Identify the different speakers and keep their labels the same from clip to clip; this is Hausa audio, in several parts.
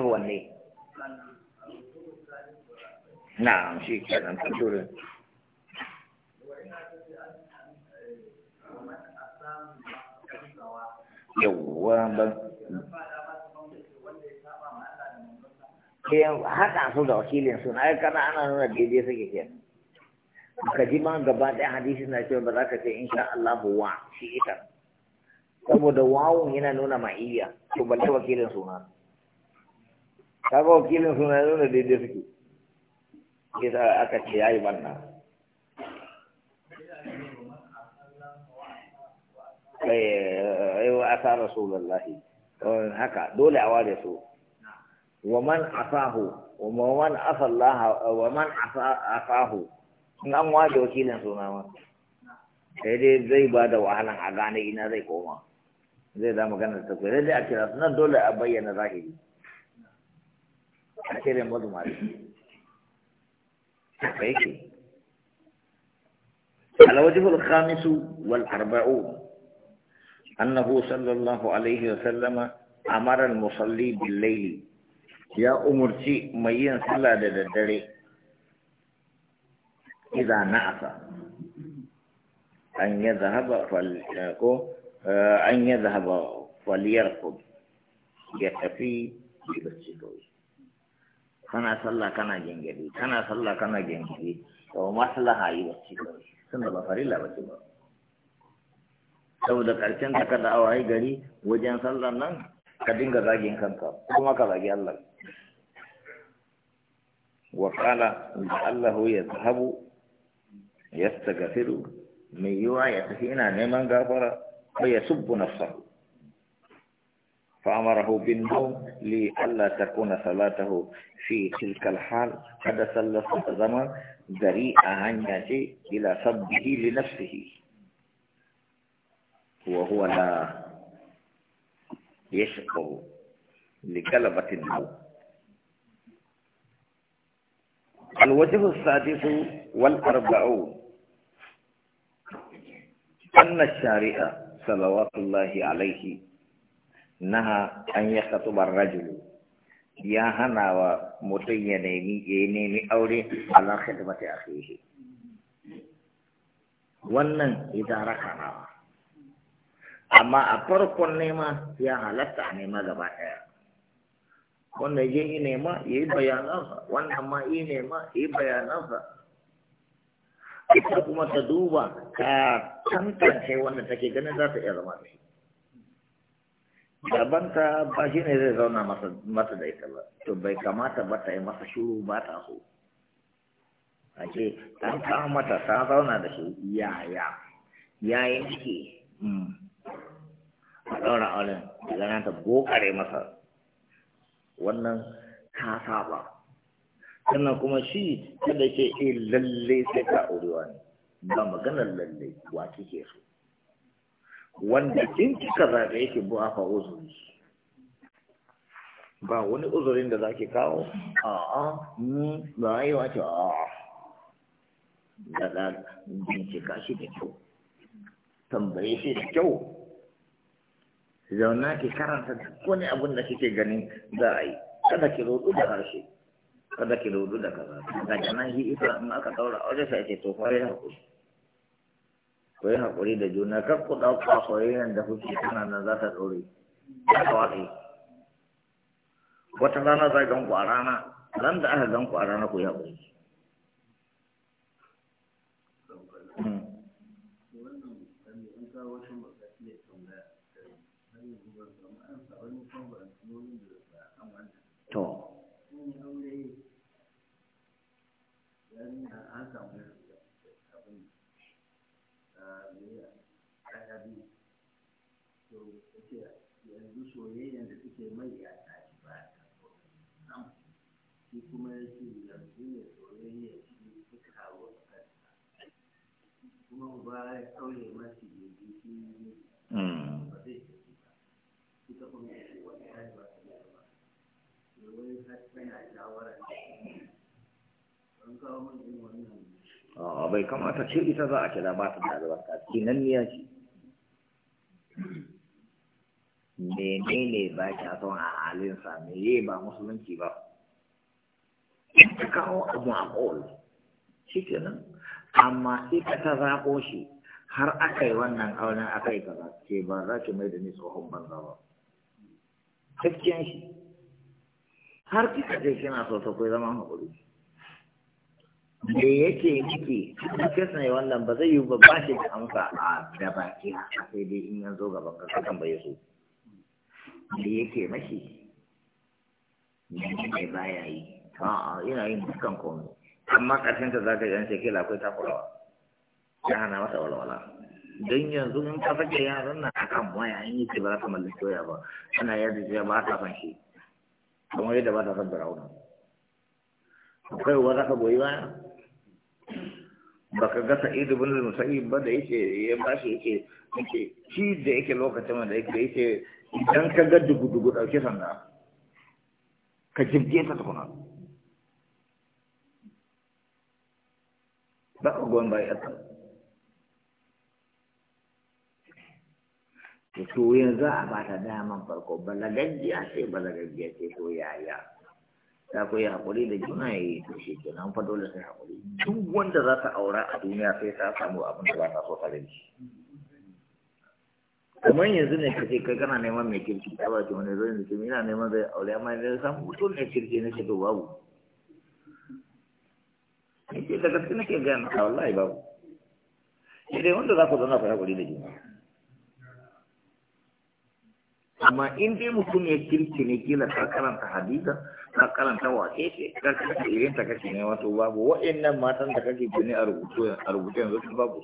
Speaker 1: wanne? Na نعم شيء كلام تقول يوابا kiyan haɗa su da wakilin su na kana ana nuna daidai suke ke ka ji ma gaba ɗaya hadisi na cewa ba za ka ce insha Allah wa shi ita saboda wawun yana nuna ma'iyya to balle wakilin suna Ta kaga wakilin suna ya nuna daidai suke kisa aka ce yayi banna aiwa eh, eh, asa rasulullahi haka dole a ware su wa man asahu wa man Allah, wa man asahu in an waje wakilin suna ma sai dai zai ba da wahalan a gane ina zai koma zai za magana ta kwere dai a kira suna dole a bayyana zahiri a cire mazu mari ba yake alwajihul khamisu wal arba'u annahu sallallahu alaihi wa sallama amara al-musalli bil layli ya umurci mai yin sallah da daddare idan na'asa an ya zahaba ko an zahaba faliyar ku ya tafi bacci kawai kana sallah kana gengedi kana sallah kana gengedi to maslaha yi bacci kawai tun da ba farilla bacci ba saboda karshen ta kada yi gari wajen sallar nan ka dinga zagin kanka kuma ka zagi Allah wa qala Allah ya zahabu ya yastaghfiru mai yiwa ya tafi ina neman gafara ko ya subbu nafsahu فأمره بالنوم لئلا تكون صلاته في تلك الحال قد صلى الزمن بريئة عن يأتي إلى سبه لنفسه وهو لا يشكر لكلبة النوم الوجه السادس والأربعون أن الشارع صلوات الله عليه نهى أن يخطب الرجل يا هنا ومتين ينمي أولي على خدمة أخيه wannan idan rakanawa amma a farkon nema ya halatta a nema gaba ɗaya wanda ya yi nema ya yi bayanansa wannan ma yi nema ya yi bayanansa ita kuma ta duba ka tantance wanda take ganin za ta iya zama da shi gabanta ba shi ne zai zauna masa da ita ba to bai kamata ba ta yi masa shuru ba ta so a an kama mata ta zauna da shi yaya yayin ciki. Hmm. a ɗaura auren daga ta gokare masa wannan ta saba sannan kuma shi kada ke iya eh, lalle sai ka aurewa ne ba maganar lalle wa kike so wanda in kika zaɓe yake bu hafa uzuri ba wani uzurin da zaki kawo a'a mu ba yi wace a'a da da bincika shi da kyau tambaye shi da kyau zauna ki karanta duk wani abin da kike ganin za a yi kada ki zo da harshe kada ki rudu da kaza daga nan shi ita in aka daura wajen sai ce to kwaye hakuri hakuri da juna kar ku dauka soyayyen da kuke kana nan za ta dore ta wace wata rana za gan ku a rana ran da aka gan ku a rana ku yi hakuri hmm. To.
Speaker 2: ta biyu to yanzu soyayyen da suke mai ya tashi ba ta shi kuma yace yanzu ne soyayya shi suka kawo kuma ba ya ɗaure masu shi
Speaker 1: hmm. ba
Speaker 2: zai tafi ba kuma ya ce wani ya ba ta ba wani ta tana shawara an kawo min
Speaker 1: a bai kamata ce ita za a kira ba ta da albarka kinanniya ce menene ba ki son a sa? me ye ba musulunci ba ka kawo abu a kowal shi nan? amma sai ka ta zaƙo shi har aka yi wannan auren aka yi kaza ke ba za ki mai da ni tsohon banza ba gaskiyan shi har kika je kina so ta kai zaman haƙuri da yake nake kasa yi wannan ba zai yi ba ba shi da amsa a gaba ki a sai dai in yanzu gaban ka kan bai so da yake mashi ne ba ya yi a'a ina yin dukkan komai amma karshen ta za ka yanke shekila akwai takurawa ya hana mata walwala don yanzu in ka sake yaran nan a kan waya in yi ce ba za ta mallin soya ba ana yadda ce ba ta san shi kamar yadda ba ta san birauna akwai wa za ka goyi baya baka ga Sa'id bin al-Musayyib ba da yake ya bashi yake yake shi da yake lokacin da yake yake idan ka ga dugudugu dauke sanda ka jibge ta tukuna ba ku gwan bai ta to yanzu a bata daman farko balagajiya ce balagajiya ce to yaya ta koyi yi haƙuri da juna ya yi to shi ke nan fa dole sai haƙuri duk wanda za ta aura a duniya sai ta samu abin da ba ta so tare da shi kuma yanzu ne kace kai kana neman mai kirki ta ba ki wani zo yanzu kuma ina neman zai aure amma ne san mutum ne kirki na ce to babu nake da gaske ke ga maka wallahi babu idan wanda za ku zauna ku haƙuri da juna amma in dai mutum ya kirki ne kila ta karanta hadisa ka karanta wake ce ka karanta irin ta kake ne wato babu wa'annan matan da kake gani a rubutu a yanzu sun babu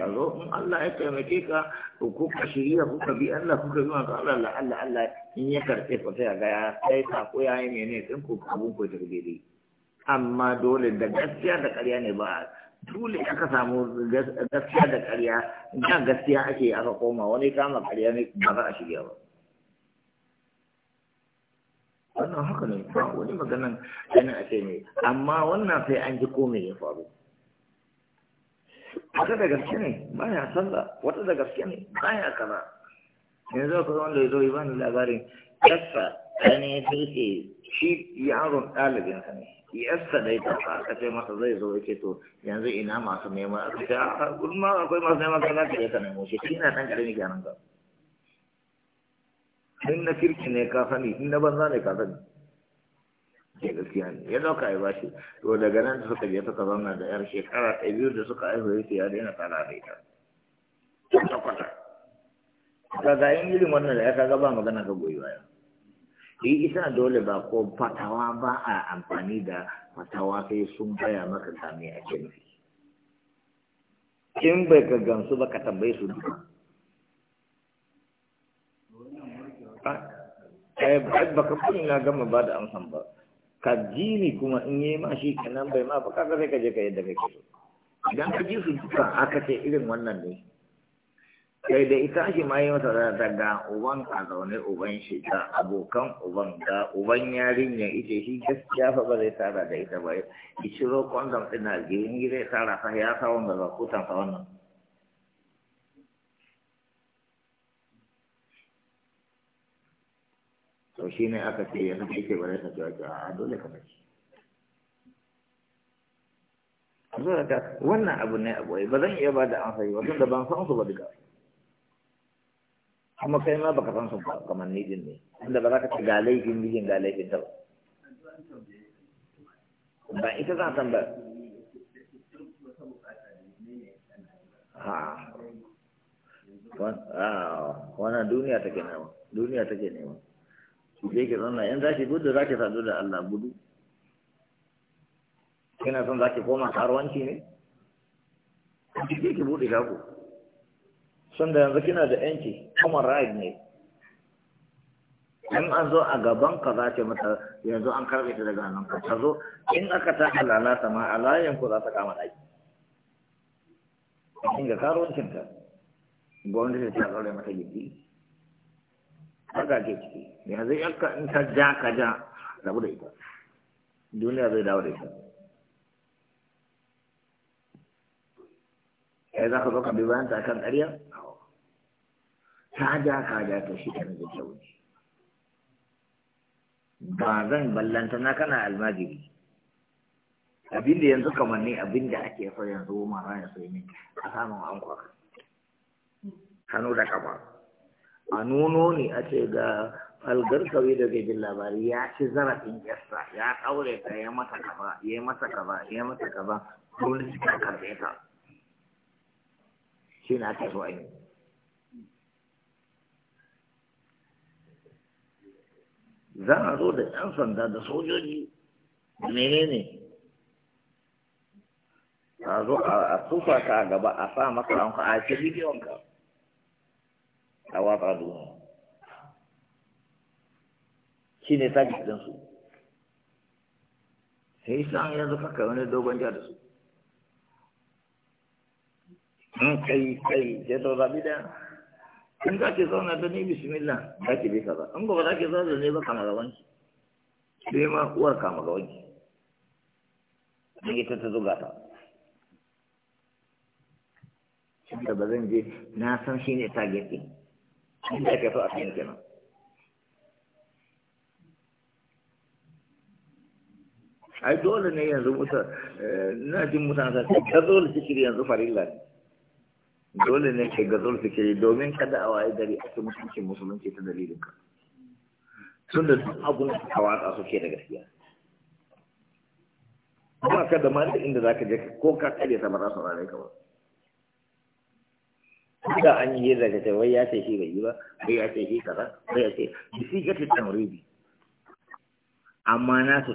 Speaker 1: ka zo in Allah ya taimake ka ko ka shirya ko ka bi Allah ko ka zuwa ga Allah Allah Allah in ya karɓe ko sai ga ya sai ta ko ya yi mene din ko abun ko ta gidi amma dole da gaskiya da ƙarya ne ba dole aka samu gaskiya da ƙarya Ina gaskiya ake aka koma wani kama ƙarya ne ba za a shirya ba wannan haka ne ba wani maganan yana a ce ne amma wannan sai an ji ko ya faru wata da gaske ne ba ya sallah wata da gaske ne ba ya kaza yanzu akwai wanda ya zo yi bani labarin yassa ɗane ya ce shi yaron ɗalibinsa ne yasta dai ta fa aka ce masa zai zo ya ke to yanzu ina masu neman aka ce a gurma akwai masu neman kana ka ya ka nemo shi shi na ɗan ke nan gaba in na kirki ne ka sani in na banza ne ka sani ke gaskiya ne ya dauka ya bashi to daga nan suka je suka zauna da yar shekara ɗaya biyu da suka haihu ya ya daina tsara da ita kwata-kwata ga yin irin wannan da ya kaga ba magana ka goyi baya shi isa dole ba ko fatawa ba a amfani da fatawa sai sun baya maka sami a nufi in bai ka gamsu ba ka tambaye su duka ai ba ka kuma na gama ba da amsan ba ka ji kuma in yi ma shi kenan bai ma ba ka sai ka je ka yadda kake so idan ka ji su duka aka ce irin wannan ne sai da ita shi ma yi masa da ga uban a zaune uban shi ga abokan uban ga uban yarinya ita shi gaskiya fa ba zai tara da ita ba Ki ciro kwandam ɗin na gini zai tara sa ya sa wanda ba kutan sa wannan to shi ne aka ce yanzu kai ke bare ka cewa a dole ka saki zuwa ta wannan abu ne abu eh, ba zan iya ba da an ba wasu da ban san su ba duka kuma kai ma baka san su ba kamar ni din ne inda ba za ka ci ga laifin mijin ga laifin ta ba ba ita za ta ba ha wannan duniya take nema duniya take nema ki je ki zanna in za ki gudu za ki sadu da Allah gudu kina son za ki koma karuwanci ne ki je ki buɗe shago son da yanzu kina da yanki kuma ra'ayi ne in an zo a gaban ka za ki mata yanzu an karbe ta daga nan ka ta zo in aka ta halala ta ma a layin ku za ta kama ɗaki in ga karuwancinta gwamnati ta ɗaure mata jiki. haka ke ciki yanzu yanka in ka ja ka ja rabu da ita duniya zai dawo da ita ya eh, za ka zo ka bayan ta kan ƙarya ta ja ka ja ta shi ta zai kyau ne ba zan ballanta na kana almajiri da yanzu kamar ne da ake so yanzu mara ya so yi a samun an hannu da kafa a nuno ne a ce ga algar kawai da jin labari ya ci zarafin yasta ya ɗaure ta ya mata kaba, ya mata kaba, ya mata kaba, dole shi ka karɓe ta shi na ta so ainihi za a zo da 'yan sanda da sojoji menene a zo a tufa ka a gaba a sa maka ranka a ce ka. a fara duniya shi ne sa su. sai sa yanzu kaka wani dogon jihar da su in hmm, kai kai ya to zabi da in za ki zauna da ni bismillah za ki bi kaza in ba za ke zauna da ni ba kama gaban ki sai ma uwar kama gaban ki in ita ta zuga ta da ba zan je na san shi ne target ɗin inda a ai dole ne yanzu musa eh, na jin mutane sa gazol fikiri yanzu farilla ne dole ne kai gazol fikiri domin kada a waye a cikin mutuncin musulunci ta dalilin ka tun da abun a watsa suke da gaskiya ba ka da mata inda za ka je ko ka kare ta ba za su rare ka ba da an yi daga ce wai ya ce shi bai yi ba wai ya ce shi kaza wai ya ce bisi ga tattan ribi amma na su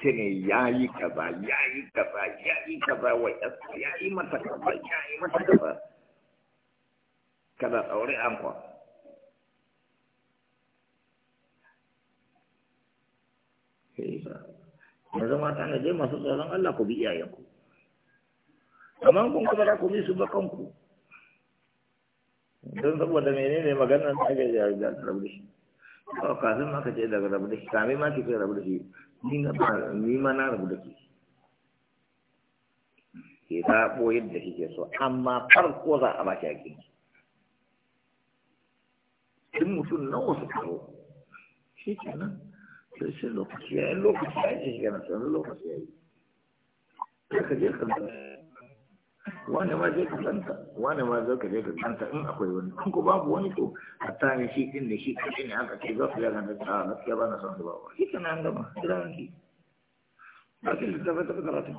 Speaker 1: ce ne ya yi kaza ya yi kaza ya yi kaza wai ya yi mata kaza ya yi mata kaza kada aure an kwa yanzu mata na je masu tsoron Allah ku bi iyayenku amma kun kuma za ku bi su ba kanku don saboda mene ne maganar da aka yi da rabu da shi to kafin ma ka ce daga rabu da shi kame ma ce kai rabu da shi ni na ba ni ma na rabu da shi ke zaɓo yadda kike so amma farko za a baki hakin tun mutum na wasu karo shi ke nan sai shi lokaci ya yi lokaci ya yi shi kenan sai lokaci ya yi ka je ka wani ma zai kasanta ganta wani ma zai ka je ka ganta in akwai wani in ku babu wani to hatta ne shi din ne shi din ne aka ce za su yaga da ta gaskiya ba na son su ba wa shi kana an gama gidan ki ba ki da ta ta karatu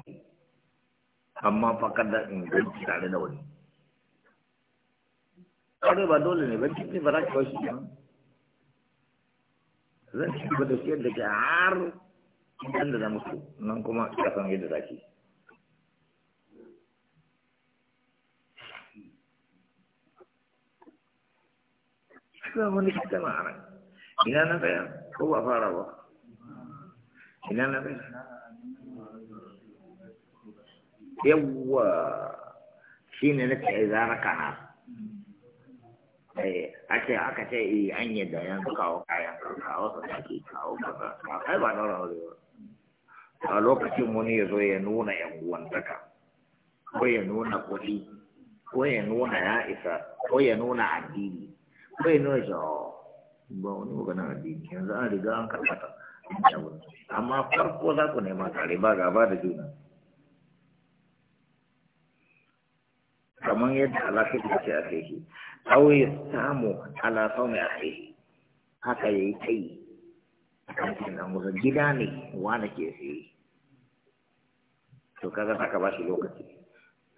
Speaker 1: amma fa kada in ganci tare da wani kawai ba dole ne ban ne ba za ki kawo ba zan ci gaba da shi yadda ke har inda za su nan kuma kasan yadda za ki yi suna wani kitama a nan ina ko ba ba ina na tsaya yawwa ne na ce a ce an yadda yanzu kawo kayan kawo kawo kaza ba kai ba daura ba wani ya eh, ya nuna yan ko ya nuna ko ya nuna isa ko ya nuna addini bai nuna shawo oh, ba wani na addini yanzu an riga an karɓata amma farko za ku nema tare ba gaba da juna
Speaker 2: kamar yadda
Speaker 1: alaƙa da ce a kai shi ɗauye samu alaƙa mai a kai haka ya yi kai a kan nan wasu gida ne wani ke sai to kaga ta ka ba shi lokaci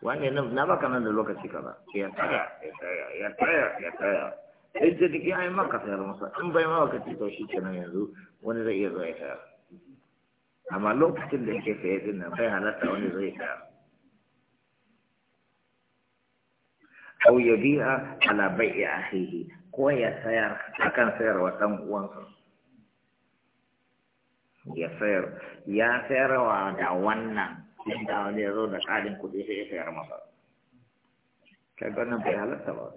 Speaker 1: wani na baka nan da lokaci kaza ya tsaya ya tsaya ya tsaya ya tsaya yadda ta jiki ai maka sayar masa in bai ma ka to shi kenan yanzu wani zai iya zuwa ya sayar amma lokacin da yake sayar din nan bai halatta wani zai sayar au ya biya ala bai'i akhihi ko ya sayar akan wa dan uwansa ya sayar ya sayarwa da wannan inda wani ya zo da ƙarin kuɗi sai ya sayar masa kaga ganin bai halatta ba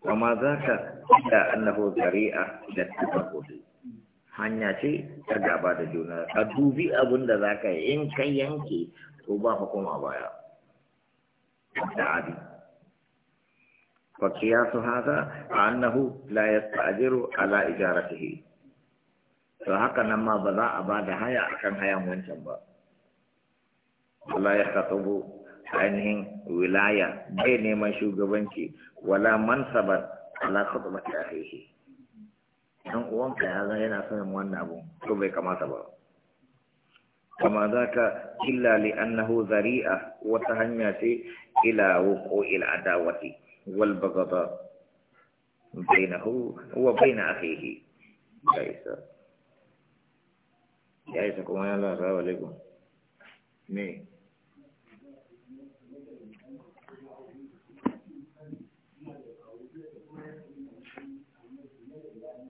Speaker 1: Wama zaka ila annahu zari'a da tafaqudi. Hanya ce ta bada juna. Ka dubi zaka yi in kai yanke to ba ka koma baya. Da abi. Fa qiyasu hadha annahu la yastajiru ala ijaratihi. To haka ma ba za a ba da haya akan hayan wancan ba. Allah ya ainihin wilaya bai neman shugabanci wala mansabar ala ta akhihi dan uwanka ya zan yana son wannan abu to bai kamata ba kama zaka illa li annahu zari'a wata hanya ce ila wuqu'il adawati wal baghda bainahu wa bain akhihi ya isa ya isa kuma ya Allah assalamu alaikum ne